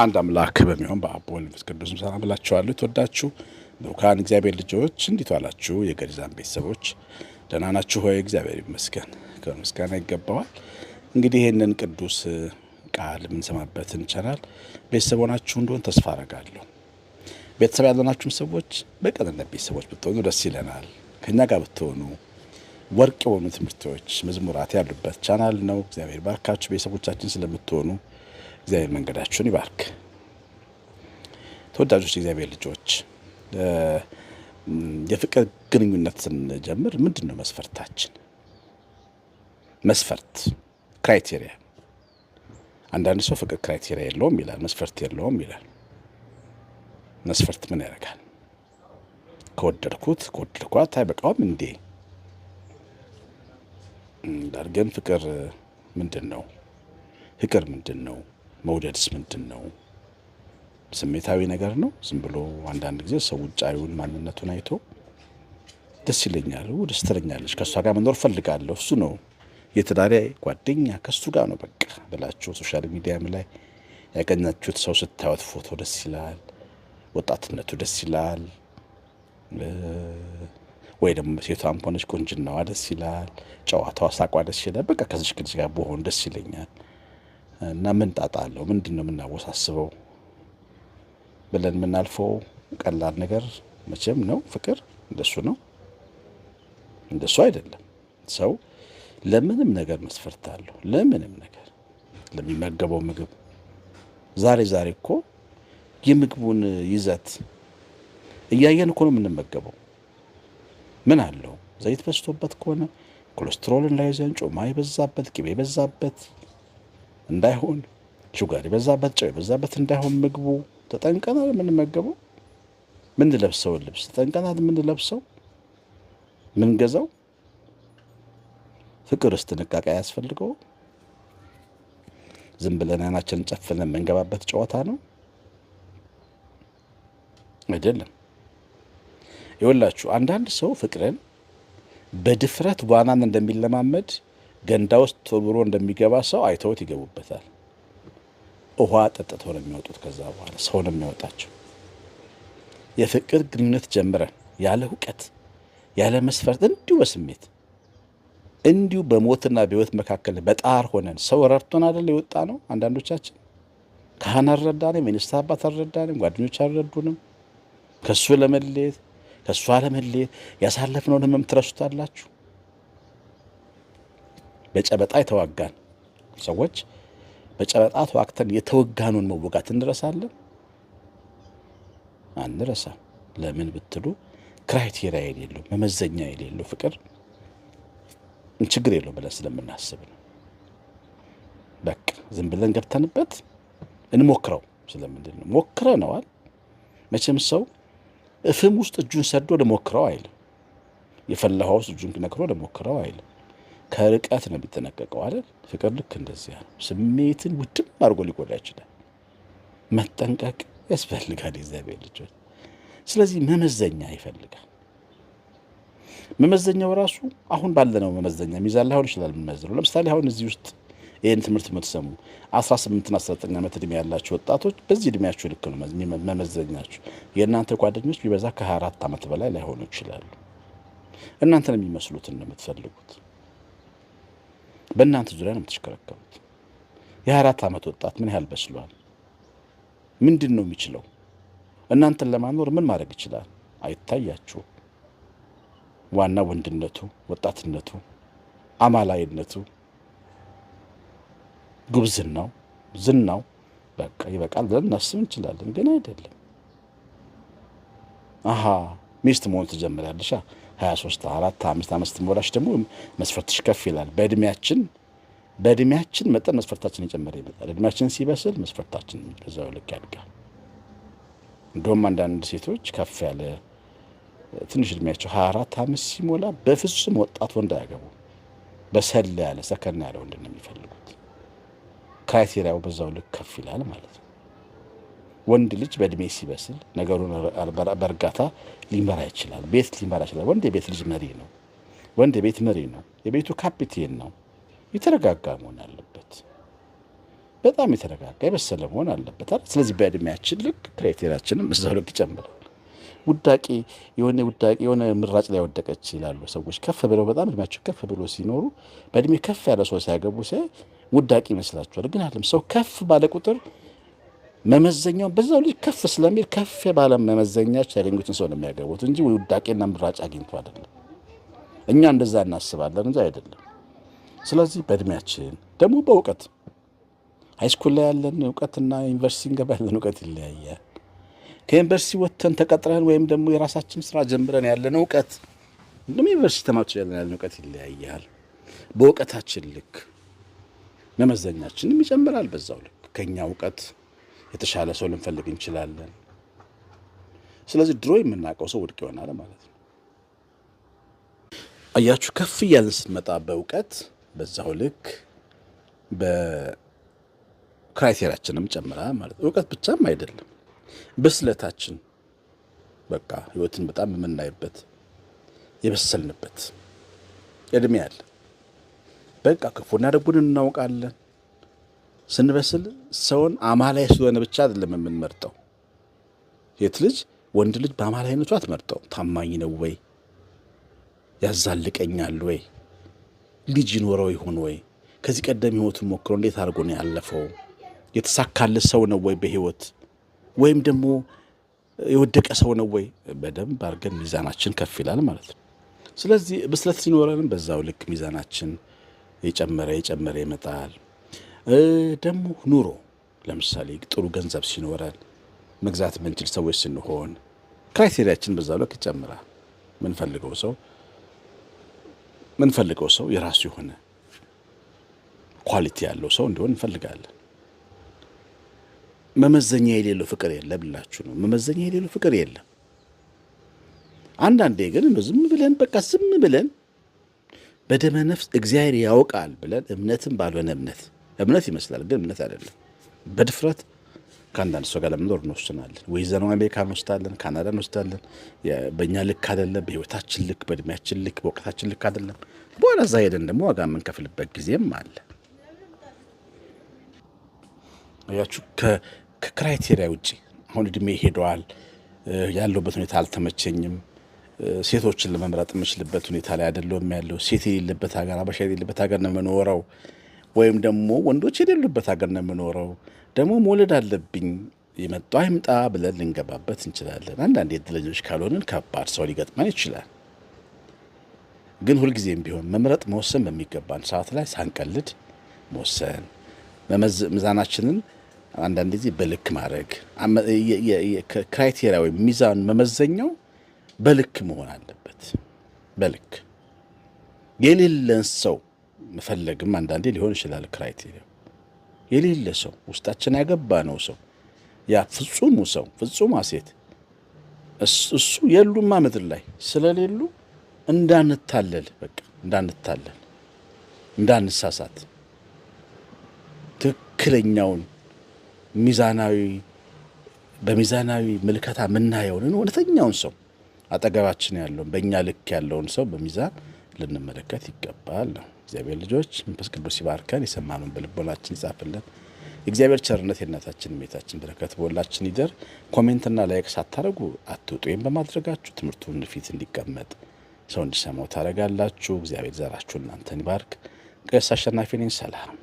አንድ አምላክ በሚሆን በአብ በወልድ በመንፈስ ቅዱስ ሰላም ብላችኋለሁ። የተወዳችሁ ልዑካን እግዚአብሔር ልጆች እንዴት ዋላችሁ? የገሪዛን ቤተሰቦች ደህና ናችሁ ሆይ? እግዚአብሔር ይመስገን፣ ከምስጋና ይገባዋል። እንግዲህ ይህንን ቅዱስ ቃል የምንሰማበትን ቻናል ቤተሰብ ሆናችሁ እንደሆን ተስፋ አረጋለሁ። ቤተሰብ ያለናችሁም ሰዎች በቀንነት ቤተሰቦች ብትሆኑ ደስ ይለናል። ከኛ ጋር ብትሆኑ ወርቅ የሆኑ ትምህርቶች፣ መዝሙራት ያሉበት ቻናል ነው። እግዚአብሔር ባርካችሁ። ቤተሰቦቻችን ስለምትሆኑ እግዚአብሔር መንገዳችሁን ይባርክ። ተወዳጆች፣ እግዚአብሔር ልጆች የፍቅር ግንኙነት ስንጀምር ምንድን ነው መስፈርታችን? መስፈርት ክራይቴሪያ አንዳንድ ሰው ፍቅር ክራይቴሪያ የለውም ይላል፣ መስፈርት የለውም ይላል። መስፈርት ምን ያደርጋል? ከወደድኩት ከወደድኳት አይበቃውም እንዴ? ዳርገን ፍቅር ምንድን ነው? ፍቅር ምንድን ነው? መውደድስ ምንድን ነው? ስሜታዊ ነገር ነው። ዝም ብሎ አንዳንድ ጊዜ ሰው ውጫዊውን ማንነቱን አይቶ ደስ ይለኛል፣ ደስ ትለኛለች፣ ከእሷ ጋር መኖር ፈልጋለሁ፣ እሱ ነው የትዳሬ ጓደኛ ከሱ ጋር ነው በቃ ብላችሁ ሶሻል ሚዲያም ላይ ያገኛችሁት ሰው ስታዩት ፎቶ ደስ ይላል፣ ወጣትነቱ ደስ ይላል፣ ወይ ደግሞ ሴቷም ሆነች ቆንጅናዋ ደስ ይላል፣ ጨዋታዋ፣ ሳቋ ደስ ይላል። በቃ ከዚች ግልጽ ጋር በሆን ደስ ይለኛል እና ምን ጣጣ አለው? ምንድን ነው የምናወሳስበው? ብለን የምናልፈው ቀላል ነገር መቼም ነው። ፍቅር እንደሱ ነው፣ እንደሱ አይደለም ሰው ለምንም ነገር መስፈርት አለው። ለምንም ነገር ለሚመገበው ምግብ ዛሬ ዛሬ እኮ የምግቡን ይዘት እያየን እኮ ነው የምንመገበው። ምን አለው ዘይት በዝቶበት ከሆነ ኮሌስትሮል እንዳይዘን፣ ጮማ የበዛበት ቅቤ የበዛበት እንዳይሆን፣ ሹጋር የበዛበት ጨው የበዛበት እንዳይሆን ምግቡ ተጠንቀናል። የምንመገበው ምንለብሰውን ልብስ ተጠንቀናል። የምንለብሰው ምንገዛው ፍቅርስ ጥንቃቄ አያስፈልገው? ዝም ብለን አይናችንን ጨፍነን የምንገባበት ጨዋታ ነው አይደለም። ይወላችሁ አንዳንድ ሰው ፍቅርን በድፍረት ዋናን እንደሚለማመድ ገንዳ ውስጥ ተብሮ እንደሚገባ ሰው አይተውት ይገቡበታል። ውሃ ጠጥተው ነው የሚወጡት። ከዛ በኋላ ሰው ነው የሚያወጣቸው። የፍቅር ግንኙነት ጀምረን ያለ እውቀት ያለ መስፈርት እንዲሁ በስሜት እንዲሁ በሞትና በህይወት መካከል በጣር ሆነን ሰው ረድቶን አይደል የወጣ ነው። አንዳንዶቻችን ካህን አልረዳንም፣ ሚኒስትር አባት አልረዳንም፣ ጓደኞች አልረዱንም። ከእሱ ለመለየት ከእሱ አለመለየት ያሳለፍነውን ህመም ትረሱታላችሁ። በጨበጣ የተዋጋን ሰዎች በጨበጣ ተዋግተን የተወጋኑን መወጋት እንረሳለን? አንረሳም። ለምን ብትሉ ክራይቴሪያ የሌለው መመዘኛ የሌለው ፍቅር ችግር የለው ብለን ስለምናስብ ነው። በቃ ዝም ብለን ገብተንበት እንሞክረው ስለምንድን ነው ነዋል። መቼም ሰው እፍም ውስጥ እጁን ሰዶ ልሞክረው አይልም። የፈላኋ ውስጥ እጁን ነክሮ ልሞክረው አይልም። ከርቀት ነው የሚጠነቀቀው አይደል? ፍቅር ልክ እንደዚያ ነው። ስሜትን ውድም አድርጎ ሊጎዳ ይችላል። መጠንቀቅ ያስፈልጋል የእግዚአብሔር ልጆች። ስለዚህ መመዘኛ ይፈልጋል። መመዘኛው ራሱ አሁን ባለነው መመዘኛ ሚዛን ላይሆን ይችላል የምንመዝነው። ለምሳሌ አሁን እዚህ ውስጥ ይህን ትምህርት የምትሰሙ 18 እና 19 ዓመት እድሜ ያላችሁ ወጣቶች በዚህ እድሜያችሁ ልክ ነው መመዘኛችሁ። የእናንተ ጓደኞች ቢበዛ ከ24 ዓመት በላይ ላይሆኑ ይችላሉ። እናንተን የሚመስሉትን ነው የምትፈልጉት። በእናንተ ዙሪያ ነው የምትሽከረከሩት። የ24 ዓመት ወጣት ምን ያህል በስሏል? ምንድን ነው የሚችለው? እናንተን ለማኖር ምን ማድረግ ይችላል? አይታያችሁም። ዋና ወንድነቱ፣ ወጣትነቱ፣ አማላይነቱ፣ ጉብዝናው፣ ዝናው በቃ ይበቃል ብለን እናስብ እንችላለን። ግን አይደለም። አሀ ሚስት መሆን ትጀምሪያለሽ። ሀያ ሶስት አራት አምስት አመት ስትሞላሽ ደግሞ መስፈርትሽ ከፍ ይላል። በእድሜያችን በእድሜያችን መጠን መስፈርታችን የጨመረ ይመጣል። እድሜያችን ሲበስል መስፈርታችን በዛው ልክ ያድጋል። እንደውም አንዳንድ ሴቶች ከፍ ያለ ትንሽ እድሜያቸው አራት አምስት ሲሞላ በፍጹም ወጣት ወንድ አያገቡ። በሰላ ያለ ሰከና ያለ ወንድ ነው የሚፈልጉት። ክራይቴሪያው በዛው ልክ ከፍ ይላል ማለት ነው። ወንድ ልጅ በእድሜ ሲበስል ነገሩን በእርጋታ ሊመራ ይችላል። ቤት ሊመራ ይችላል። ወንድ የቤት ልጅ መሪ ነው። ወንድ የቤት መሪ ነው። የቤቱ ካፒቴን ነው። የተረጋጋ መሆን አለበት። በጣም የተረጋጋ የበሰለ መሆን አለበት። ስለዚህ በእድሜያችን ልክ ክራይቴሪያችንም እዛው ልክ ይጨምራል። ውዳቄ የሆነ ውዳቄ የሆነ ምራጭ ላይ ወደቀች ይላሉ ሰዎች። ከፍ ብለው በጣም እድሜያቸው ከፍ ብሎ ሲኖሩ በእድሜ ከፍ ያለ ሰው ሲያገቡ ሲያይ ውዳቂ ይመስላቸዋል። ግን አለም ሰው ከፍ ባለ ቁጥር መመዘኛውን በዛው ልጅ ከፍ ስለሚል ከፍ ባለ መመዘኛች ያገኙትን ሰው ነው የሚያገቡት እንጂ ውዳቄና ምራጭ አግኝቶ አይደለም። እኛ እንደዛ እናስባለን እንጂ አይደለም። ስለዚህ በእድሜያችን ደግሞ በእውቀት ሃይስኩል ላይ ያለን እውቀትና ዩኒቨርሲቲ እንገባ ያለን እውቀት ይለያያል። ከዩኒቨርሲቲ ወጥተን ተቀጥረን ወይም ደግሞ የራሳችን ስራ ጀምረን ያለን እውቀት እንደውም ዩኒቨርሲቲ ተማች ያለን ያለን እውቀት ይለያያል። በእውቀታችን ልክ መመዘኛችንም ይጨምራል። በዛው ልክ ከኛ እውቀት የተሻለ ሰው ልንፈልግ እንችላለን። ስለዚህ ድሮ የምናውቀው ሰው ውድቅ ይሆናል ማለት ነው። አያችሁ፣ ከፍ እያለን ስትመጣ በእውቀት በዛው ልክ በክራይቴሪያችንም ጨምራ ማለት እውቀት ብቻም አይደለም ብስለታችን በቃ ህይወትን በጣም የምናይበት የበሰልንበት እድሜ አለ። በቃ ክፉና ደጉን እናውቃለን። ስንበስል ሰውን አማላይ ስለሆነ ብቻ አይደለም የምንመርጠው። ሴት ልጅ ወንድ ልጅ በአማላይነቱ አትመርጠው። ታማኝ ነው ወይ? ያዛልቀኛል ወይ? ልጅ ይኖረው ይሆን ወይ? ከዚህ ቀደም ህይወቱን ሞክሮ እንዴት አድርጎ ነው ያለፈው? የተሳካለት ሰው ነው ወይ በህይወት ወይም ደግሞ የወደቀ ሰው ነው ወይ? በደንብ አድርገን ሚዛናችን ከፍ ይላል ማለት ነው። ስለዚህ ብስለት ሲኖረንም በዛው ልክ ሚዛናችን የጨመረ የጨመረ ይመጣል። ደግሞ ኑሮ ለምሳሌ ጥሩ ገንዘብ ሲኖረን መግዛት የምንችል ሰዎች ስንሆን ክራይቴሪያችን በዛው ልክ ይጨምራል። ምንፈልገው ሰው ምንፈልገው ሰው የራሱ የሆነ ኳሊቲ ያለው ሰው እንዲሆን እንፈልጋለን። መመዘኛ የሌለው ፍቅር የለም ብላችሁ ነው። መመዘኛ የሌለው ፍቅር የለም። አንዳንዴ ግን ዝም ብለን በቃ ዝም ብለን በደመ ነፍስ እግዚአብሔር ያውቃል ብለን እምነትም ባልሆነ እምነት እምነት ይመስላል ግን እምነት አይደለም። በድፍረት ከአንዳንድ ሰው ጋር ለመኖር እንወስናለን። ወይ ዘነው አሜሪካን እንወስዳለን፣ ካናዳ እንወስዳለን። በእኛ ልክ አይደለም፣ በህይወታችን ልክ፣ በእድሜያችን ልክ፣ በወቅታችን ልክ አይደለም። በኋላ እዛ ሄደን ደግሞ ዋጋ የምንከፍልበት ጊዜም አለ። ያችሁ ከክራይቴሪያ ውጭ አሁን እድሜ ሄደዋል፣ ያለበት ሁኔታ አልተመቸኝም፣ ሴቶችን ለመምረጥ የምችልበት ሁኔታ ላይ አይደለም ያለው ሴት የሌለበት ሀገር፣ አበሻ የሌለበት ሀገር ነው የምኖረው ወይም ደግሞ ወንዶች የሌሉበት ሀገር ነው የምኖረው ደግሞ መውለድ አለብኝ የመጣ አይምጣ ብለን ልንገባበት እንችላለን። አንዳንድ የድለኞች ካልሆንን ከባድ ሰው ሊገጥመን ይችላል። ግን ሁልጊዜም ቢሆን መምረጥ መወሰን በሚገባን ሰዓት ላይ ሳንቀልድ መወሰን መመዝ ሚዛናችንን አንዳንድ ጊዜ በልክ ማድረግ ክራይቴሪያ ወይም ሚዛን መመዘኛው በልክ መሆን አለበት። በልክ የሌለን ሰው መፈለግም አንዳንዴ ሊሆን ይችላል። ክራይቴሪያ የሌለ ሰው ውስጣችን ያገባ ነው ሰው ያ ፍጹሙ ሰው ፍጹም ሴት እሱ የሉማ ምድር ላይ ስለሌሉ እንዳንታለል በቃ እንዳንታለል፣ እንዳንሳሳት ትክክለኛውን ሚዛናዊ በሚዛናዊ ምልከታ የምናየውን እውነተኛውን ሰው አጠገባችን ያለውን በእኛ ልክ ያለውን ሰው በሚዛን ልንመለከት ይገባል ነው። እግዚአብሔር ልጆች መንፈስ ቅዱስ ይባርከን፣ የሰማነውን በልቦናችን ይጻፍልን። የእግዚአብሔር ቸርነት የእናታችን ሜታችን በረከት በሁላችን ይደር። ኮሜንትና ላይክ ሳታደረጉ አትውጡ። ወይም በማድረጋችሁ ትምህርቱን ፊት እንዲቀመጥ ሰው እንዲሰማው ታደረጋላችሁ። እግዚአብሔር ዘራችሁ እናንተን ይባርክ። ቀሲስ አሸናፊ ነኝ። ሰላም